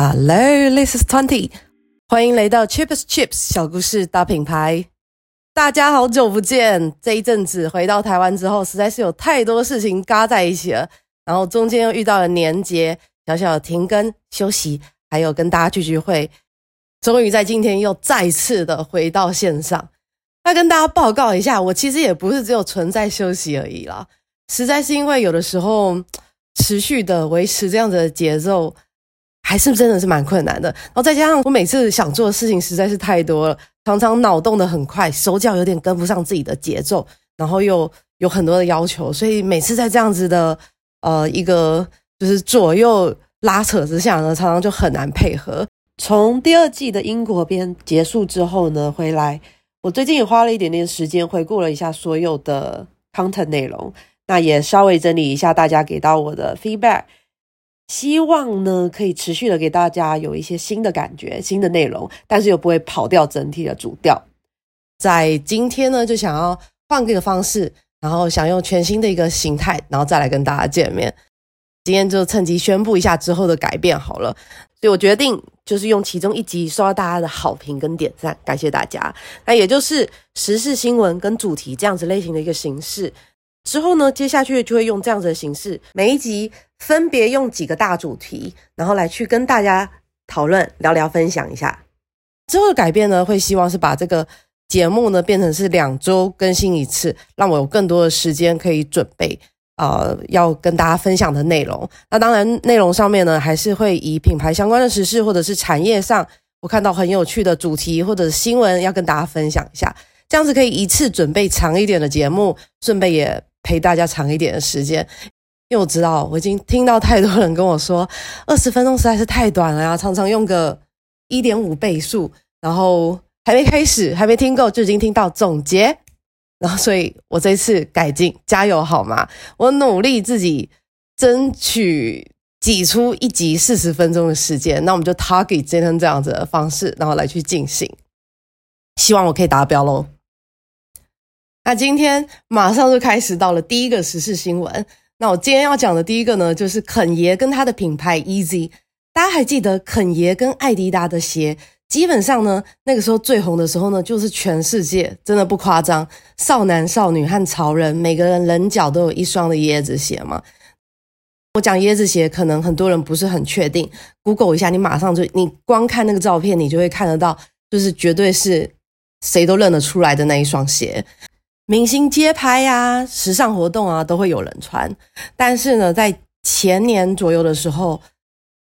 Hello, this is Twenty。歡迎來到 Cheap as Chips 小故事大品牌。大家好久不見，這一陣子回到台灣之後，實在是有太多事情嘎在一起了。然後中間又遇到了年節，小小的停更休息，還有跟大家聚聚會。終於在今天又再次的回到線上。那跟大家報告一下，我其實也不是只有存在休息而已啦。實在是因為有的時候，持續的維持這樣子的節奏。還是真的是蠻困難的，然後再加上我每次想做的事情實在是太多了，常常腦洞得很快，手腳有點跟不上自己的節奏，然後又有很多的要求，所以每次在這樣子的呃一個就是左右拉扯之下呢，常常就很難配合。從第二季的英國篇結束之後呢，回來我最近也花了一點點時間回顧了一下所有的 content 內容，那也稍微整理一下大家給到我的 feedback。希望呢，可以持續的給大家有一些新的感覺、新的內容，但是又不會跑掉整體的主調。在今天呢，就想要換個方式，然後想用全新的一個形態，然後再來跟大家見面。今天就趁機宣佈一下之後的改變好了，所以我決定就是用其中一集收到大家的好評跟點讚，感謝大家。那也就是時事新聞跟主題這樣子類型的一個形式。之後呢，接下去就會用這樣子的形式，每一集分別用幾個大主題，然後來去跟大家討論、聊聊、分享一下。之後的改變呢，會希望是把這個節目呢變成是兩周更新一次，讓我有更多的時間可以準備，呃，要跟大家分享的內容。那當然，內容上面呢還是會以品牌相關的時事或者是產業上我看到很有趣的主題或者新聞要跟大家分享一下，這樣子可以一次準備長一點的節目，順便也，陪大家長一點的時間，因為我知道我已經聽到太多人跟我說，二十分鐘實在是太短了呀，常常用個一點五倍速，然後還沒開始，還沒聽夠就已經聽到總結，然後所以我這次改進，加油好嗎？我努力自己爭取擠出一集四十分鐘的時間，那我們就 target 今天這樣子的方式，然後來去進行，希望我可以達標嘍。那、啊、今天馬上就開始到了第一個時事新聞。那我今天要講的第一個呢，就是肯爺跟他的品牌 Yeezy。大家還記得肯爺跟愛迪達的鞋？基本上呢，那個時候最紅的時候呢，就是全世界真的不誇張，少男少女和潮人每個人人腳都有一雙的椰子鞋嘛。我講椰子鞋，可能很多人不是很確定，Google 一下，你馬上就你光看那個照片，你就會看得到，就是絕對是誰都認得出來的那一雙鞋。明星街拍呀、啊，時尚活動啊，都會有人穿。但是呢，在前年左右的時候，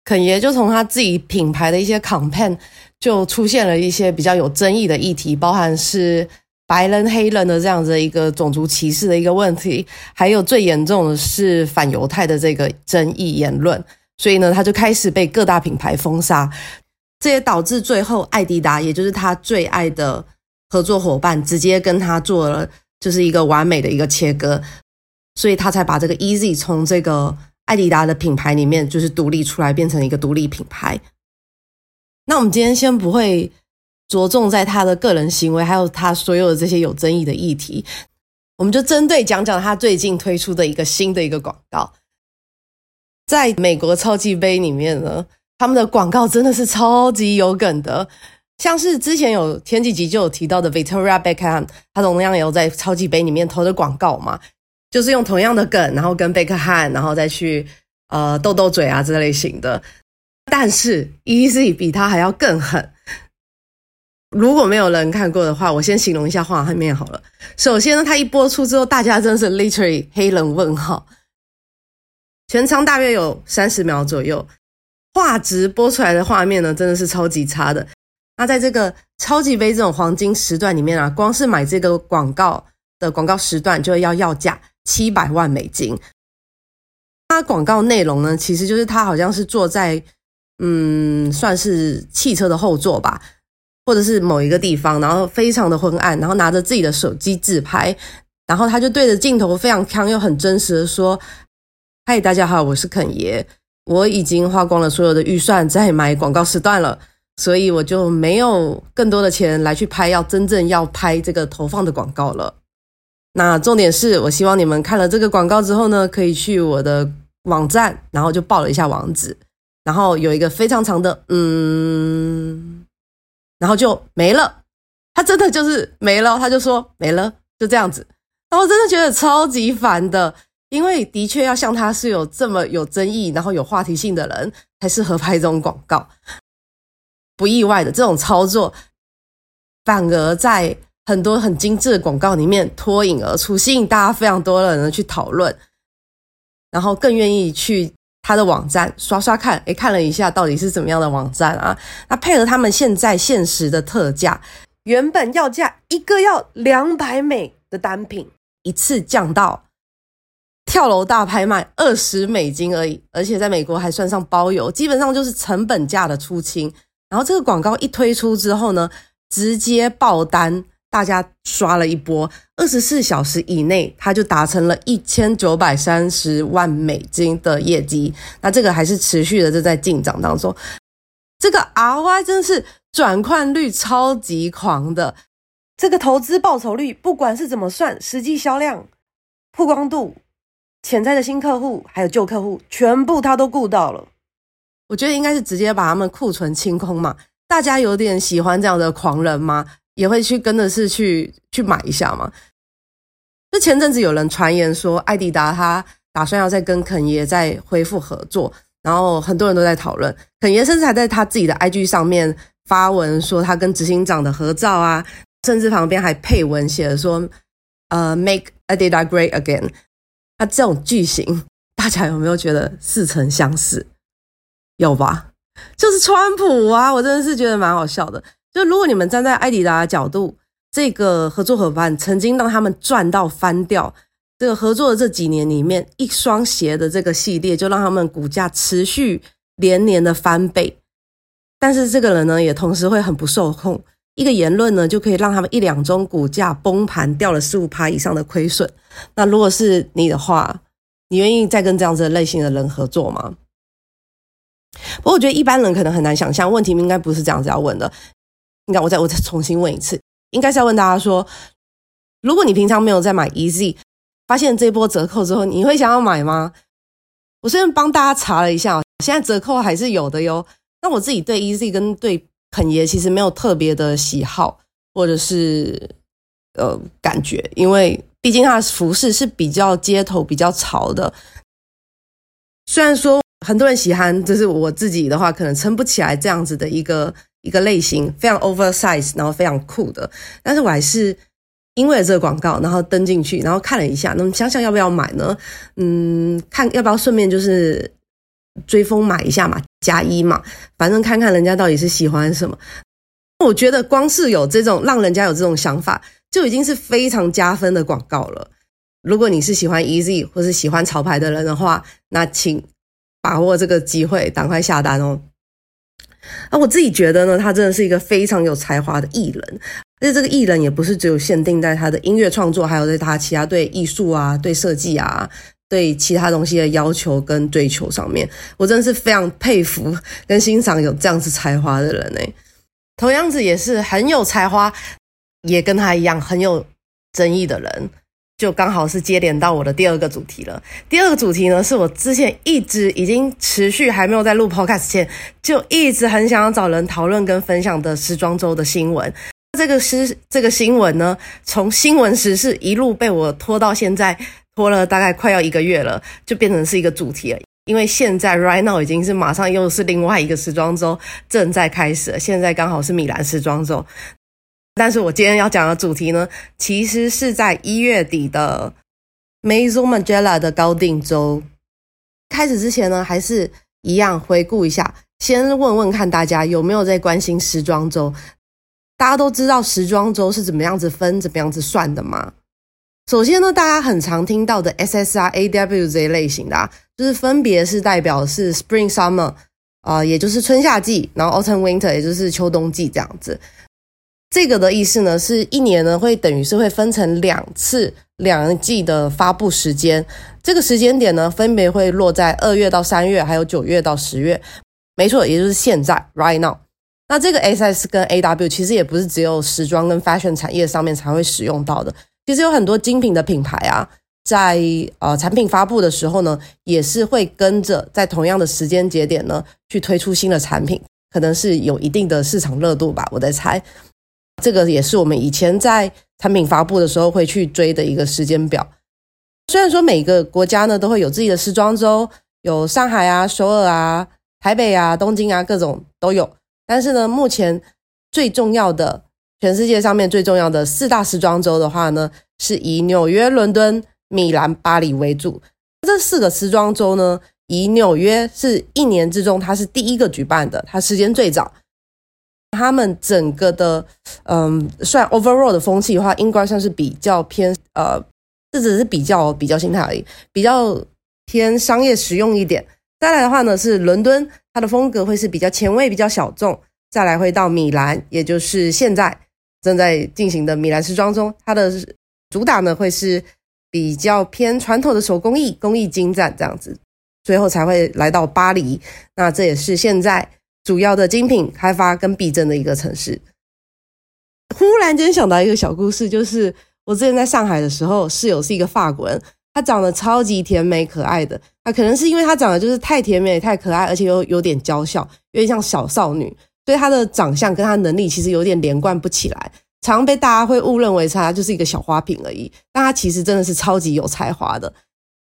肯爺就從他自己品牌的一些 campaign 就出現了一些比較有爭議的議題，包含是白人黑人的這樣子的一個種族歧視的一個問題，還有最嚴重的是反猶太的這個爭議言論。所以呢，他就開始被各大品牌封殺，這也導致最後愛迪達，也就是他最愛的合作夥伴，直接跟他做了。就是一個完美的一個切割，所以他才把這個 Yeezy 從這個艾迪達的品牌裡面就是獨立出來，變成一個獨立品牌。那我們今天先不會着重在他的個人行為，還有他所有的這些有爭議的議題，我們就針對講講他最近推出的一個新的一個廣告。在美國超級杯裡面呢，他們的廣告真的是超級有梗的。像是之前有前幾集就有提到的 Victoria Beckham，他同樣也有在超級盃裡面投的廣告嘛，就是用同樣的梗，然後跟貝克漢，然後再去呃鬥鬥嘴啊這類型的。但是 Yeezy 比他還要更狠。如果沒有人看過的話，我先形容一下畫面好了。首先呢，他一播出之後，大家真的是 literally 黑人問號。全長大約有三十秒左右，畫質播出來的畫面呢，真的是超級差的。那在這個超級杯這種黃金時段裡面啊，光是買這個廣告的廣告時段就要要價七百萬美金。那廣告內容呢，其實就是他好像是坐在嗯，算是汽車的後座吧，或者是某一個地方，然後非常的昏暗，然後拿着自己的手機自拍，然後他就對着鏡頭非常腔又很真實的說：“嗨，大家好，我是肯爺，我已經花光了所有的預算在買廣告時段了。”所以我就沒有更多的錢來去拍要真正要拍這個投放的廣告了。那重點是我希望你們看了這個廣告之後呢，可以去我的網站，然後就報了一下網址，然後有一個非常長的嗯，然後就沒了。他真的就是沒了，他就說沒了，就這樣子。然後我真的覺得超級煩的，因為的確要像他是有這麼有爭議，然後有話題性的人才適合拍這種廣告。不意外的這種操作，反而在很多很精緻的廣告裡面脫穎而出，吸引大家非常多的人去討論，然後更願意去他的網站刷刷看，誒，看了一下到底是怎麼樣的網站啊？那配合他們現在限時的特價，原本要價一個要兩百美的單品，一次降到跳樓大拍賣二十美金而已，而且在美國還算上包郵，基本上就是成本價的出清。然後這個廣告一推出之後呢，直接爆單，大家刷了一波，二十四小時以內他就達成了一千九百三十萬美金的業績，那這個還是持續的就在進展當中。這個 ROI 真是轉換率超級狂的，這個投資報酬率不管是怎麼算，實際銷量、曝光度、潛在的新客戶還有舊客戶，全部他都顧到了。我覺得應該是直接把他們庫存清空嘛。大家有點喜歡這樣的狂人嗎？也會去跟着是去去買一下嘛。就前陣子有人傳言說，艾迪達他打算要再跟肯爺再恢復合作，然後很多人都在討論，肯爺甚至還在他自己的 IG 上面發文說他跟執行長的合照啊，甚至旁邊還配文寫了說：“呃、uh，Make Adidas Great Again。”啊那這種句型，大家有沒有覺得似曾相識？有吧，就是川普啊！我真的是覺得蠻好笑的。就如果你們站在艾迪達的角度，這個合作夥伴曾經讓他們賺到翻掉，這個合作的這幾年裡面，一雙鞋的這個系列就讓他們股價持續連年的翻倍。但是這個人呢，也同時會很不受控，一個言論呢，就可以讓他們一兩周股價崩盤，掉了四五趴以上的虧損。那如果是你的話，你願意再跟這樣子的類型的人合作嗎？不過我覺得一般人可能很難想象，問題應該不是這樣子要問的。你看，我再我再重新問一次，應該是要問大家說：如果你平常沒有在買 Yeezy，發現這波折扣之後，你會想要買嗎？我雖然幫大家查了一下，現在折扣還是有的喲。那我自己對 Yeezy 跟對肯爺其實沒有特別的喜好或者是呃感覺，因為畢竟它的服飾是比較街頭、比較潮的。雖然說。很多人喜歡，就是我自己的話，可能撐不起來這樣子的一個一個類型，非常 oversize，然後非常酷的。但是我還是因為這個廣告，然後登進去，然後看了一下，那麼想想要不要買呢？嗯，看要不要順便就是追風買一下嘛，加一嘛，反正看看人家到底是喜歡什麼。我覺得光是有這種讓人家有這種想法，就已經是非常加分的廣告了。如果你是喜歡 Yeezy 或是喜歡潮牌的人的話，那請，把握這個機會，趕快下單哦！啊，我自己覺得呢，他真的是一個非常有才華的藝人，而且這個藝人也不是只有限定在他的音樂創作，還有他其他對藝術啊、對設計啊、對其他東西的要求跟追求上面。我真的是非常佩服跟欣賞有這樣子才華的人呢、欸。同樣子也是很有才華，也跟他一樣很有爭議的人。就剛好是接點到我的第二個主題了。第二個主題呢，是我之前一直已經持續還沒有在錄 podcast 前，就一直很想要找人討論跟分享的時裝週的新聞。這個新這個新聞呢，從新聞時事一路被我拖到現在，拖了大概快要一個月了，就變成是一個主題了。因為現在 right now 已經是馬上又是另外一個時裝週正在開始了，現在剛好是米蘭時裝週。但是我今天要講的主題呢，其實是在一月底的 Maison Margiela 的高定周。開始之前呢，還是一樣回顧一下，先問問看大家有沒有在關心時裝周？大家都知道時裝周是怎麼樣子分、怎麼樣子算的嗎？首先呢，大家很常聽到的 S S R A W 這類型的，啊，就是分別是代表的是 Spring Summer，啊、呃，也就是春夏季，然後 Autumn Winter，也就是秋冬季這樣子。這個的意思呢，是一年呢會等於是會分成兩次兩季的發佈時間，這個時間點呢分別會落在二月到三月，還有九月到十月，沒錯，也就是現在 right now。那這個 SS 跟 AW 其實也不是只有時裝跟 fashion 產業上面才會使用到的，其實有很多精品的品牌啊，在呃產品發佈的時候呢，也是會跟着在同樣的時間節點呢去推出新的產品，可能是有一定的市場熱度吧，我在猜。這個也是我們以前在產品發布的時候會去追的一個時間表。雖然說每一個國家呢都會有自己的時裝週，有上海啊、首爾啊、台北啊、東京啊，各種都有。但是呢，目前最重要的，全世界上面最重要的四大時裝週的話呢，是以紐約、倫敦、米蘭、巴黎為主。這四個時裝週呢，以紐約是一年之中它是第一個舉辦的，它時間最早。他們整個的，嗯，算 overall 的風氣的話，應該算是比較偏呃，這只是比較比較心態而已，比較偏商業實用一點。再來的話呢，是倫敦，它的風格會是比較前衛、比較小眾。再來會到米蘭，也就是現在正在進行的米蘭時裝周，它的主打呢會是比較偏傳統的手工藝，工藝精湛這樣子。最後才會來到巴黎，那這也是現在。主要的精品開發跟避震的一個城市。忽然間想到一個小故事，就是我之前在上海的時候，室友是一個法國人，她長得超級甜美可愛的。她可能是因為她長得就是太甜美、太可愛，而且又有點嬌小，有點像小少女，所以她的長相跟她能力其實有點連貫不起來，常被大家會誤認為她就是一個小花瓶而已。但她其實真的是超級有才華的。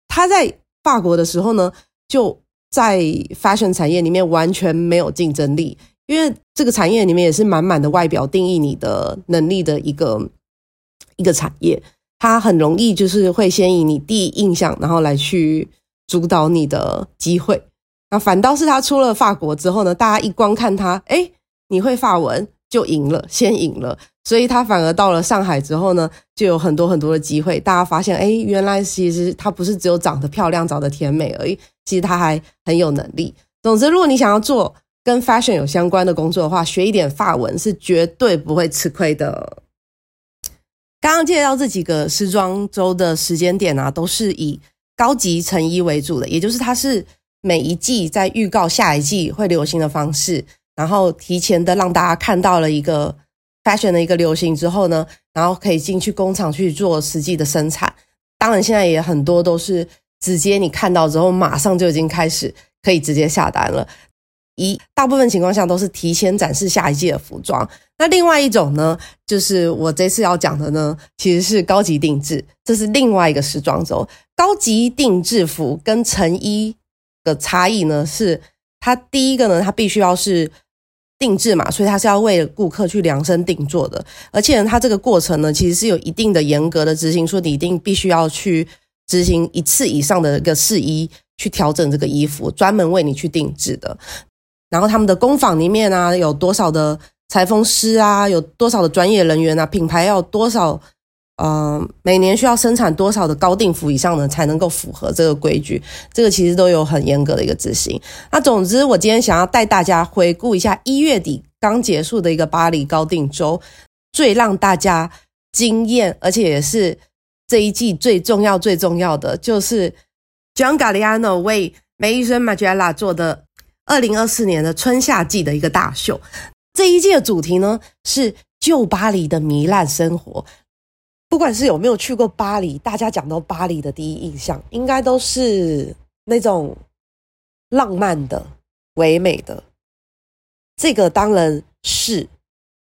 她在法國的時候呢，就。在 fashion 產業裡面完全沒有競爭力，因為這個產業裡面也是滿滿的外表定義你的能力的一個一個產業，它很容易就是會先以你第一印象，然後來去主導你的機會。那反倒是他出了法國之後呢，大家一光看他，哎、欸，你會法文就贏了，先贏了。所以他反而到了上海之後呢，就有很多很多的機會。大家發現，哎，原來其實他不是只有長得漂亮、長得甜美而已，其實他還很有能力。總之，如果你想要做跟 fashion 有相關的工作的話，學一點法文是絕對不會吃虧的。剛剛介紹這幾個時裝周的時間點啊，都是以高級成衣為主的，也就是它是每一季在預告下一季會流行的方式，然後提前的讓大家看到了一個。發現了一個流行之後呢，然後可以進去工廠去做實際的生產。當然，現在也很多都是直接你看到之後，馬上就已經開始可以直接下單了。一大部分情況下都是提前展示下一季的服裝。那另外一種呢，就是我這次要講的呢，其實是高級定製，這是另外一個時裝週。高級定製服跟成衣的差異呢，是它第一個呢，它必須要是。定制嘛，所以它是要為顧客去量身定做的，而且它這個過程呢，其實是有一定的嚴格的執行，說你一定必須要去執行一次以上的一個試衣，去調整這個衣服，專門為你去定制的。然後他們的工坊裡面啊，有多少的裁縫師啊，有多少的專業人員啊，品牌要多少？嗯，每年需要生產多少的高定服以上呢，才能夠符合這個規矩？這個其實都有很嚴格的一個執行。那總之，我今天想要帶大家回顧一下一月底剛結束的一個巴黎高定周，最讓大家驚艷，而且也是這一季最重要最重要的，就是 John Galliano 為 Maison Margiela 做的二零二四年的春夏季的一個大秀。這一季的主題呢，是舊巴黎的糜爛生活。不管是有沒有去過巴黎，大家講到巴黎的第一印象，應該都是那種浪漫的、唯美的。這個當然是，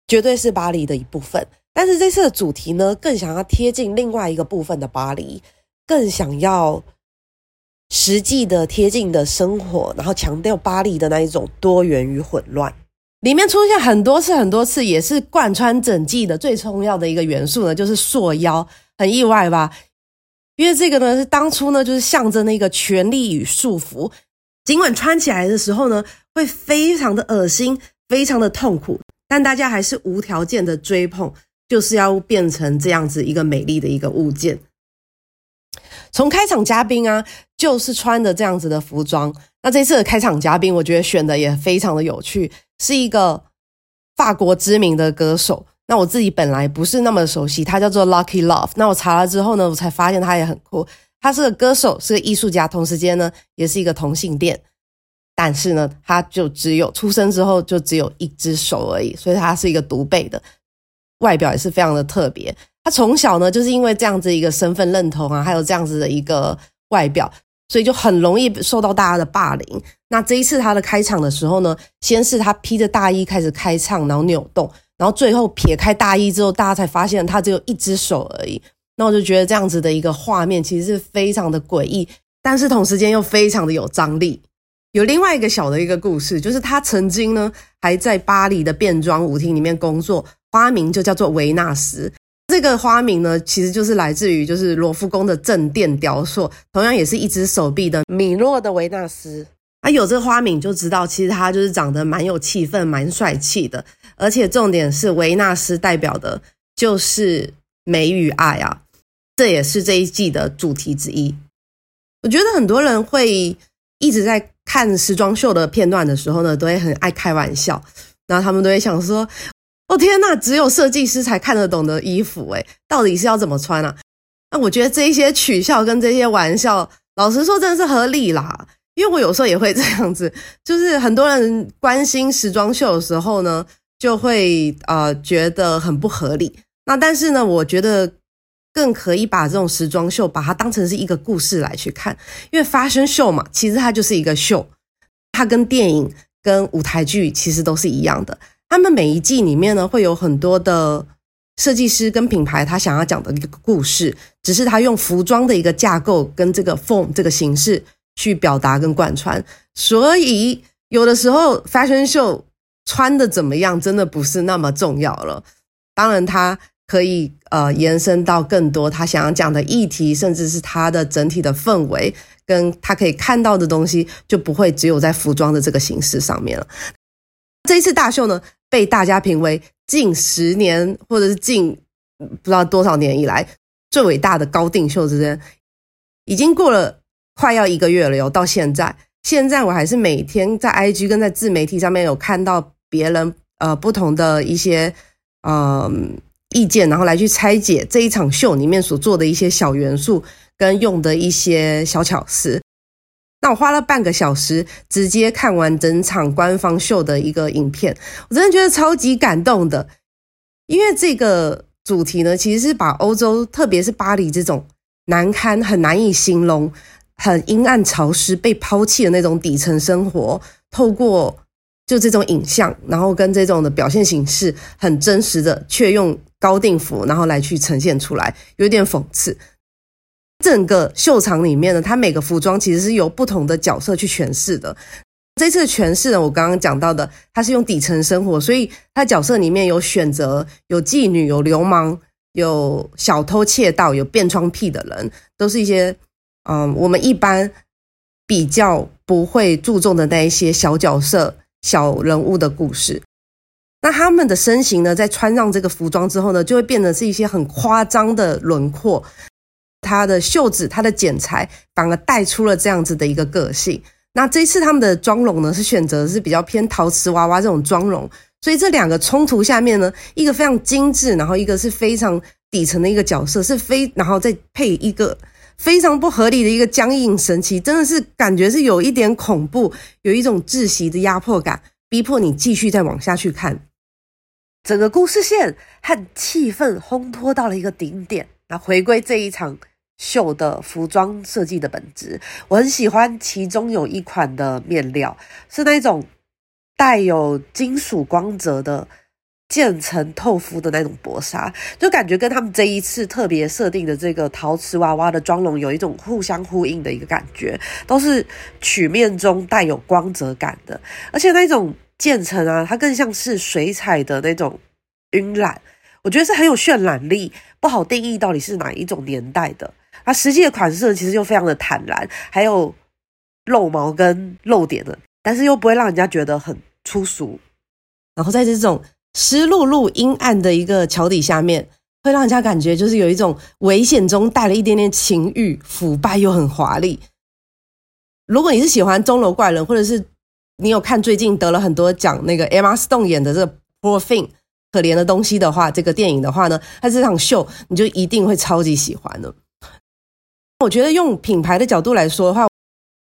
絕對是巴黎的一部分。但是這次的主題呢，更想要貼近另外一個部分的巴黎，更想要實際的貼近的生活，然後強調巴黎的那一種多元與混亂。裡面出現很多次、很多次，也是貫穿整季的最重要的一個元素呢，就是束腰。很意外吧？因為這個呢，是當初呢，就是象徵那個權力與束縛。儘管穿起來的時候呢，會非常的噁心、非常的痛苦，但大家還是無條件的追捧，就是要變成這樣子一個美麗的一個物件。從開場嘉賓啊，就是穿的這樣子的服裝。那這次的開場嘉賓，我覺得選的也非常的有趣。是一個法國知名的歌手，那我自己本來不是那麼熟悉，他叫做 Lucky Love。那我查了之後呢，我才發現他也很酷，他是個歌手，是個藝術家，同時間呢也是一個同性戀。但是呢，他就只有出生之後就只有一隻手而已，所以他是一個獨臂的，外表也是非常的特別。他從小呢就是因為這樣子一個身份認同啊，還有這樣子的一個外表，所以就很容易受到大家的霸凌。那這一次他的開場的時候呢，先是他披着大衣開始開唱，然後扭動，然後最後撇開大衣之後，大家才發現他只有一隻手而已。那我就覺得這樣子的一個畫面其實是非常的詭異，但是同時間又非常的有張力。有另外一個小的一個故事，就是他曾經呢，還在巴黎的變裝舞廳裡面工作，花名就叫做維納斯。這個花名呢，其實就是來自於就是羅浮宮的正殿雕塑，同樣也是一隻手臂的米洛的維納斯。啊，有這個花名就知道，其實他就是長得蠻有氣氛、蠻帥氣的。而且重點是，維納斯代表的就是美與愛啊，這也是這一季的主題之一。我覺得很多人會一直在看時裝秀的片段的時候呢，都會很愛開玩笑，然後他們都會想說。哦，天吶，只有設計師才看得懂的衣服，欸，誒，到底是要怎麼穿啊？那我覺得這些取笑跟這些玩笑，老實說真的是合理啦。因為我有時候也會這樣子，就是很多人關心時裝秀的時候呢，就會呃覺得很不合理。那但是呢，我覺得更可以把這種時裝秀，把它當成是一個故事來去看，因為 fashion show 嘛，其實它就是一個秀，它跟電影、跟舞台劇其實都是一樣的。他們每一季裡面呢，會有很多的設計師跟品牌，他想要講的一個故事，只是他用服裝的一個架構跟這個 form 這個形式去表達跟貫穿。所以有的時候，fashion show 穿的怎麼樣，真的不是那麼重要了。當然，他可以呃延伸到更多他想要講的議題，甚至是他的整體的氛圍跟他可以看到的東西，就不會只有在服裝的這個形式上面了。這一次大秀呢，被大家評為近十年或者是近不知道多少年以來最偉大的高定秀之間，已經過了快要一個月了喲。到現在，現在我還是每天在 IG 跟在自媒體上面有看到別人呃不同的一些嗯、呃、意見，然後來去拆解這一場秀裡面所做的一些小元素跟用的一些小巧思。那我花了半個小時直接看完整場官方秀的一個影片，我真的覺得超級感動的，因為這個主題呢，其實是把歐洲，特別是巴黎這種難堪、很難以形容、很陰暗、潮濕、被拋棄的那種底層生活，透過就這種影像，然後跟這種的表現形式，很真實的，卻用高定服然後來去呈現出來，有點諷刺。整個秀場裡面呢，他每個服裝其實是由不同的角色去詮釋的。這次的詮釋呢，我剛剛講到的，它是用底層生活，所以它角色裡面有選擇，有妓女，有流氓，有小偷、竊盜，有變裝癖的人，都是一些嗯，我們一般比較不會注重的那一些小角色、小人物的故事。那他們的身形呢，在穿上這個服裝之後呢，就會變得是一些很誇張的輪廓。它的袖子，它的剪裁反而帶出了這樣子的一個個性。那這一次他們的妝容呢，是選擇是比較偏陶瓷娃娃這種妝容，所以這兩個衝突下面呢，一個非常精緻，然後一個是非常底層的一個角色，是非，然後再配一個非常不合理的一個僵硬神奇，真的是感覺是有一點恐怖，有一種窒息的壓迫感，逼迫你繼續再往下去看，整個故事線和氣氛烘托到了一個頂點。那回歸這一場。秀的服裝設計的本質，我很喜歡。其中有一款的面料是那種帶有金屬光澤的漸層透膚的那種薄紗，就感覺跟他們這一次特別設定的這個陶瓷娃娃的妝容有一種互相呼應的一個感覺，都是曲面中帶有光澤感的，而且那種漸層啊，它更像是水彩的那種暈染，我覺得是很有渲染力，不好定義到底是哪一種年代的。它實際的款式其實又非常的坦然，還有露毛跟露點的，但是又不會讓人家覺得很粗俗。然後在這種濕漉漉、陰暗的一個橋底下面，會讓人家感覺就是有一種危險中帶了一點點情慾，腐敗又很華麗。如果你是喜歡鐘樓怪人，或者是你有看最近得了很多獎那個 Emma Stone 演的這個 Poor Things 可憐的東西的話，這個電影的話呢，它這場秀你就一定會超級喜歡的。我覺得用品牌的角度來說的話，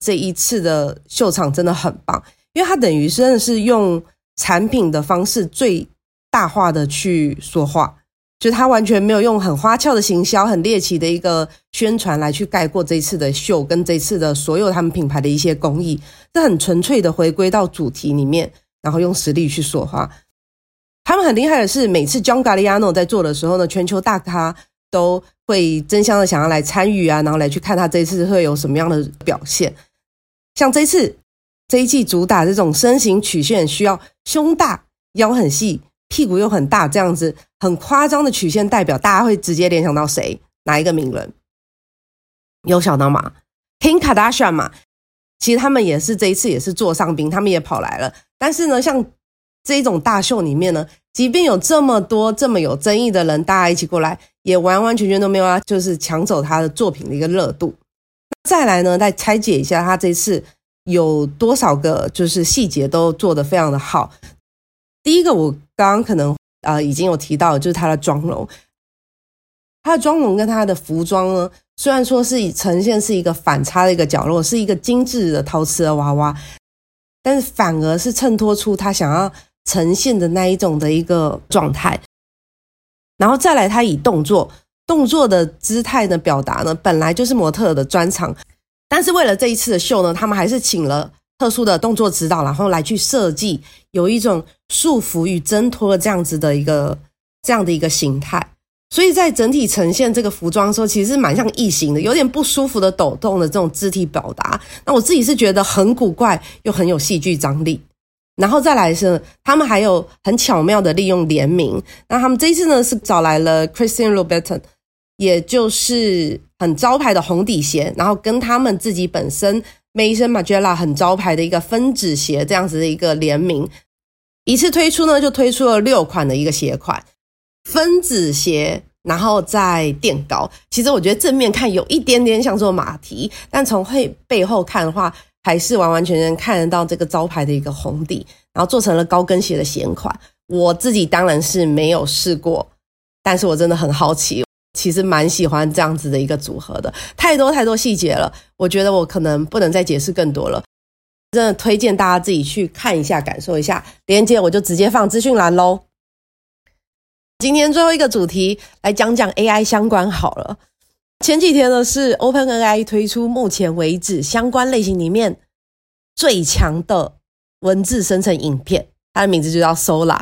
這一次的秀場真的很棒，因為它等於是真的是用產品的方式最大化的去說話，就它完全沒有用很花俏的行銷、很獵奇的一個宣傳來去蓋過這一次的秀跟這一次的所有他們品牌的一些工藝，是很純粹的回歸到主題裡面，然後用實力去說話。他們很厲害的是，每次 John Galliano 在做的時候呢，全球大咖。都會爭相的想要來參與啊，然後來去看他這一次會有什麼樣的表現。像這次這一季主打這種身形曲線，需要胸大、腰很細、屁股又很大這樣子很誇張的曲線，代表大家會直接聯想到誰？哪一個名人？有想到嗎？Kim Kardashian 嘛？其實他們也是這一次也是座上賓，他們也跑來了。但是呢，像這一種大秀裡面呢，即便有這麼多這麼有爭議的人，大家一起過來。也完完全全都沒有啊！就是搶走他的作品的一個熱度。再來呢，再拆解一下，他這次有多少個就是細節都做得非常的好。第一個，我剛剛可能呃已經有提到，就是他的妝容，他的妝容跟他的服裝呢，雖然說是呈現是一個反差的一個角落，是一個精緻的陶瓷的娃娃，但是反而是襯托出他想要呈現的那一種的一個狀態。然後再來，他以動作、動作的姿態的表達呢，本來就是模特的專長。但是為了這一次的秀呢，他們還是請了特殊的動作指導，然後來去設計有一種束縛與掙脫這樣子的一個、這樣的一個形態。所以在整體呈現這個服裝的時候，其實是蠻像異形的，有點不舒服的抖動的這種肢體表達。那我自己是覺得很古怪，又很有戲劇張力。然後再來是，他們還有很巧妙的利用聯名。那他們這一次呢是找來了 Christian Louboutin，也就是很招牌的紅底鞋，然後跟他們自己本身 Maison Margiela 很招牌的一個分趾鞋這樣子的一個聯名。一次推出呢就推出了六款的一個鞋款，分趾鞋，然後再墊高。其實我覺得正面看有一點點像做馬蹄，但從背背後看的話。還是完完全全看得到這個招牌的一個紅底，然後做成了高跟鞋的鞋款。我自己當然是沒有試過，但是我真的很好奇，其實蠻喜歡這樣子的一個組合的。太多太多細節了，我覺得我可能不能再解釋更多了。真的推薦大家自己去看一下，感受一下。連結我就直接放資訊欄嘍。今天最後一個主題來講講 AI 相關好了。前幾天呢，是 OpenAI 推出目前為止相關類型裡面最強的文字生成影片，它的名字就叫 Sora。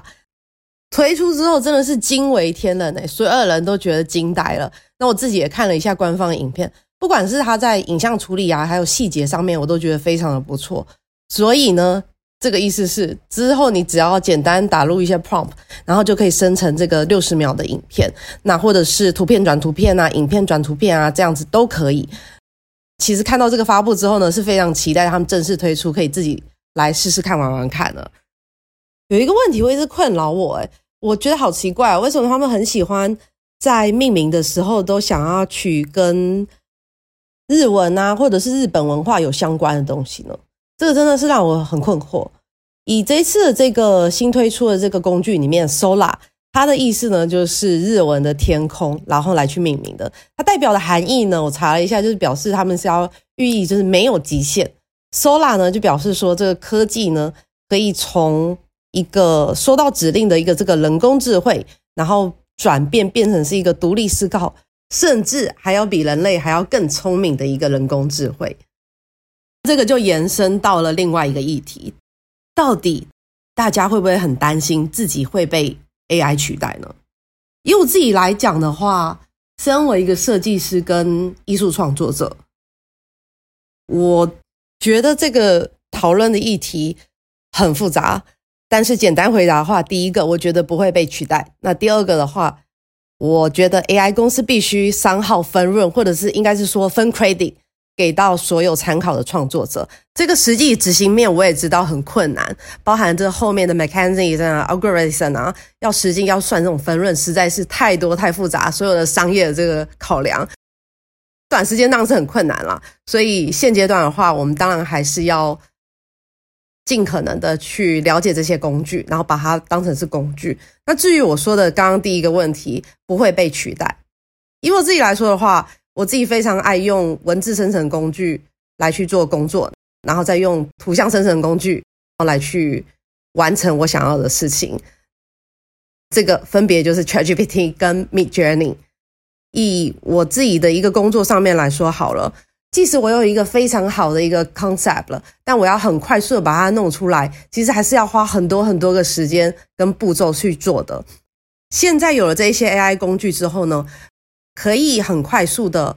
推出之後真的是驚為天人哎，所有人都覺得驚呆了。那我自己也看了一下官方的影片，不管是它在影像處理啊，還有細節上面，我都覺得非常的不錯。所以呢。這個意思是之後你只要簡單打入一些 prompt，然後就可以生成這個六十秒的影片，那或者是圖片轉圖片啊，影片轉圖片啊，這樣子都可以。其實看到這個發布之後呢，是非常期待他們正式推出，可以自己來試試看玩玩看了。有一個問題會一直困擾我、欸，誒，我覺得好奇怪、哦，為什麼他們很喜歡在命名的時候都想要取跟日文啊，或者是日本文化有相關的東西呢？這個真的是讓我很困惑。以這一次的這個新推出的這個工具裡面，Sora 它的意思呢，就是日文的天空，然後來去命名的。它代表的含義呢，我查了一下，就是表示他們是要寓意，就是沒有極限。Sora 呢，就表示說這個科技呢，可以從一個收到指令的一個這個人工智慧，然後轉變變成是一個獨立思考，甚至還要比人類還要更聰明的一個人工智慧。這個就延伸到了另外一個議題，到底大家會不會很擔心自己會被 AI 取代呢？以我自己來講的話，身為一個設計師跟藝術創作者，我覺得這個討論的議題很複雜。但是簡單回答的話，第一個我覺得不會被取代。那第二個的話，我覺得 AI 公司必須商好分潤，或者是應該是說分 credit。給到所有參考的創作者，這個實際執行面我也知道很困難，包含這後面的 mechanics 啊，algorithm 啊，要實際要算這種分潤，實在是太多太複雜，所有的商業的這個考量，短時間當然是很困難了。所以現階段的話，我們當然還是要盡可能的去了解這些工具，然後把它當成是工具。那至於我說的剛剛第一個問題，不會被取代。以我自己來說的話。我自己非常愛用文字生成工具來去做工作，然後再用圖像生成工具然後來去完成我想要的事情。這個分別就是 ChatGPT 跟 Midjourney。以我自己的一個工作上面來說好了，即使我有一個非常好的一個 concept 了，但我要很快速的把它弄出來，其實還是要花很多很多個時間跟步驟去做的。現在有了這一些 AI 工具之後呢？可以很快速的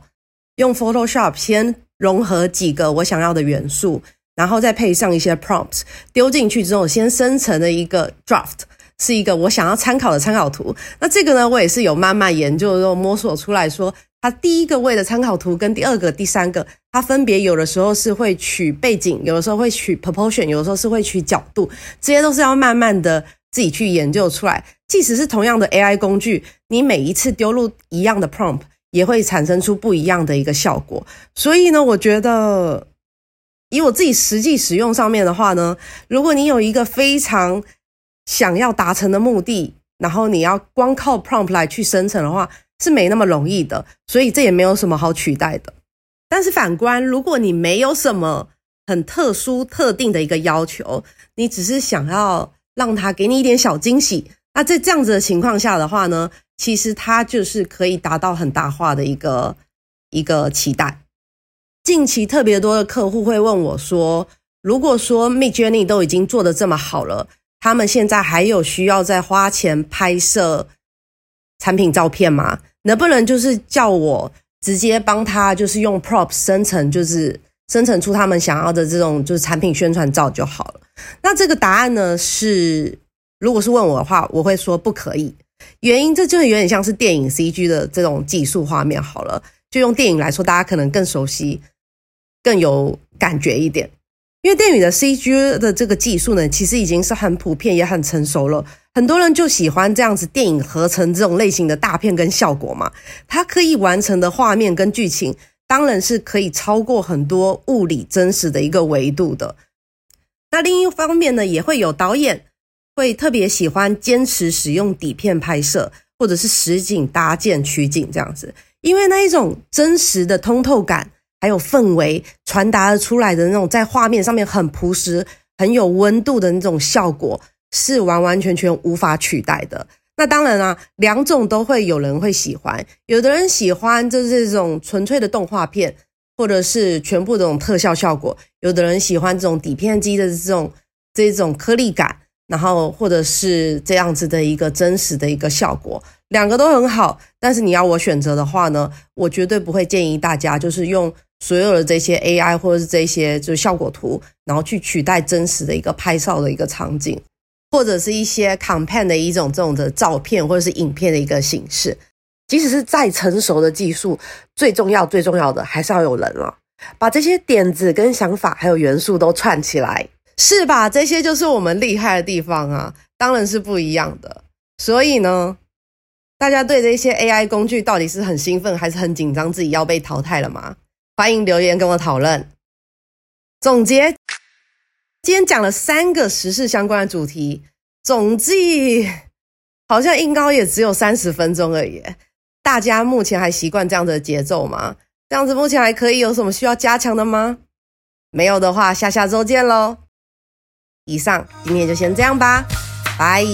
用 Photoshop 先融合幾個我想要的元素，然後再配上一些 prompts，丟進去之後先生成了一個 draft，是一個我想要參考的參考圖。那這個呢，我也是有慢慢研究，又摸索出來說，它第一個位的參考圖跟第二個、第三個，它分別有的時候是會取背景，有的時候會取 proportion，有的時候是會取角度，這些都是要慢慢的自己去研究出來。即使是同樣的 AI 工具，你每一次丟入一樣的 prompt，也會產生出不一樣的一個效果。所以呢，我覺得以我自己實際使用上面的話呢，如果你有一個非常想要達成的目的，然後你要光靠 prompt 來去生成的話，是沒那麼容易的。所以這也沒有什麼好取代的。但是反觀，如果你沒有什麼很特殊特定的一個要求，你只是想要讓它給你一點小驚喜。那在這樣子的情況下的話呢，其實它就是可以達到很大化的一個一個期待。近期特別多的客戶會問我說：“如果說 Midjourney 都已經做得這麼好了，他們現在還有需要再花錢拍攝產品照片嗎？能不能就是叫我直接幫他，就是用 Props 生成，就是生成出他們想要的這種就是產品宣傳照就好了？”那這個答案呢是。如果是問我的話，我會說不可以。原因，這就有點像是電影 CG 的這種技術畫面好了，就用電影來說，大家可能更熟悉、更有感覺一點。因為電影的 CG 的這個技術呢，其實已經是很普遍、也很成熟了。很多人就喜歡這樣子電影合成這種類型的大片跟效果嘛，它可以完成的畫面跟劇情，當然是可以超過很多物理真實的一個維度的。那另一方面呢，也會有導演。會特別喜歡堅持使用底片拍攝，或者是實景搭建取景這樣子，因為那一種真實的通透感，還有氛圍傳達出來的那種在畫面上面很樸實、很有溫度的那種效果，是完完全全無法取代的。那當然啦、啊，兩種都會有人會喜歡，有的人喜歡就是這種純粹的動畫片，或者是全部這種特效效果；有的人喜歡這種底片機的這種這種顆粒感。然後或者是這樣子的一個真實的一個效果，兩個都很好。但是你要我選擇的話呢，我絕對不會建議大家就是用所有的這些 AI 或者是這些就效果圖，然後去取代真實的一個拍照的一個場景，或者是一些 campaign 的一種這種的照片或者是影片的一個形式。即使是再成熟的技術，最重要最重要的還是要有人了、啊，把這些點子跟想法還有元素都串起來。是吧？這些就是我們厲害的地方啊，當然是不一樣的。所以呢，大家對這些 AI 工具到底是很興奮，還是很緊張，自己要被淘汰了嗎？歡迎留言跟我討論。總結，今天講了三個時事相關的主題，總計好像音高也只有三十分鐘而已。大家目前還習慣這樣子的節奏嗎？這樣子目前還可以，有什麼需要加強的嗎？沒有的話，下下周見嘍。以上，今天就先這樣吧，拜。